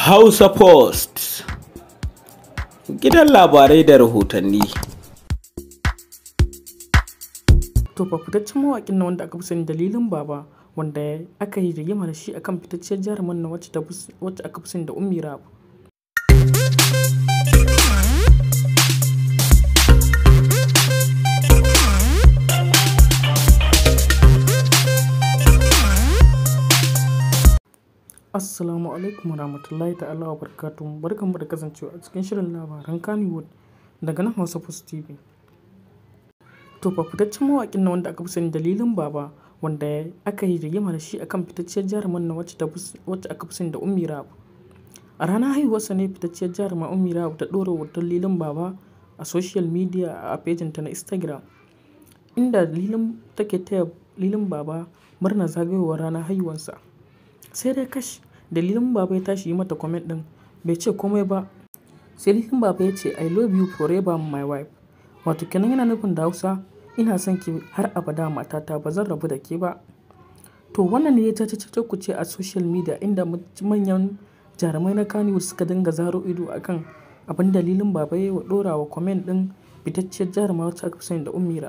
Hausa Post gidan labarai da rahotanni. To fa fitaccen mawaƙin na wanda aka fi sani dalilin baba wanda aka yi rigima da shi akan fitacciyar jaruman na wacce aka fi sani da Ummi Rabu. Assalamu alaikum warahmatullahi ta'ala wa barakatuhu barkanmu da kasancewa a cikin shirin labaran Kannywood daga nan Hausa Post TV. To fa fitaccen mawaƙin na wanda aka fi sani dalilin baba wanda aka yi rigima da shi akan fitacciyar jaruman na wacce aka fi sani da Ummi Rabu. A ranar haihuwarsa ne fitacciyar jaruma Ummi Rabu ta ɗora wa dalilin baba a social media a pejinta na Instagram inda dalilin take taya lilin baba murna zagayowar ranar haihuwarsa. sai dai kashi. Dalilin baba ya tashi yi mata comment din bai ce komai ba. Sai dalilin baba ya ce I love you forever my wife. Wato kenan yana nufin da Hausa ina son ki har abada matata ba zan rabu da ke ba. To wannan ne ya ta cece-kuce a social media inda manyan jarumai na Kannywood suka dinga zaro ido a kan abin dalilin baba ya ɗora wa comment ɗin fitacciyar jarumar wata aka sani da Ummi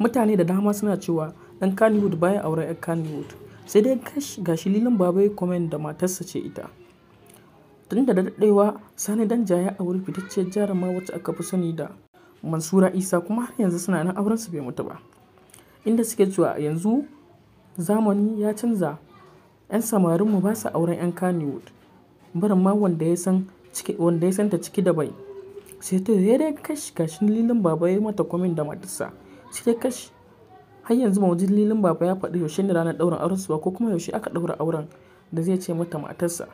Mutane da dama suna cewa ɗan Kannywood baya auren 'yar Kannywood. sai dai gashi lilin babai komen da matarsa ce ita tun da daɗewa sani dan jaya a wurin fitacciyar jaruma wacce aka fi sani da mansura isa kuma har yanzu suna nan auren su bai mutu ba inda suke cewa yanzu zamani ya canza 'yan samarinmu ba su auren 'yan kanewood barin ma wanda ya san wanda ya santa ciki da bai sai ta dai kashi gashin lilin babai mata da matarsa sai dai kashi Har yanzu lilin Baba ya faɗi yaushe ne ranar ɗaurin aurensu ba ko kuma yaushe aka ɗaura auren da zai ce mata matarsa.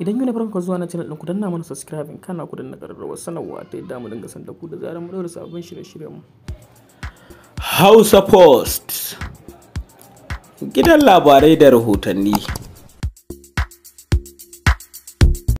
Idan yi na farko zuwa na channel ɗin ku na mana subscribing kana ku danna ƙararrawar sanarwa ta yadda mu dinga san da ku da zarar mu ɗaura sabbin shirye-shiryen mu. Hausa Post gidan labarai da rahotanni.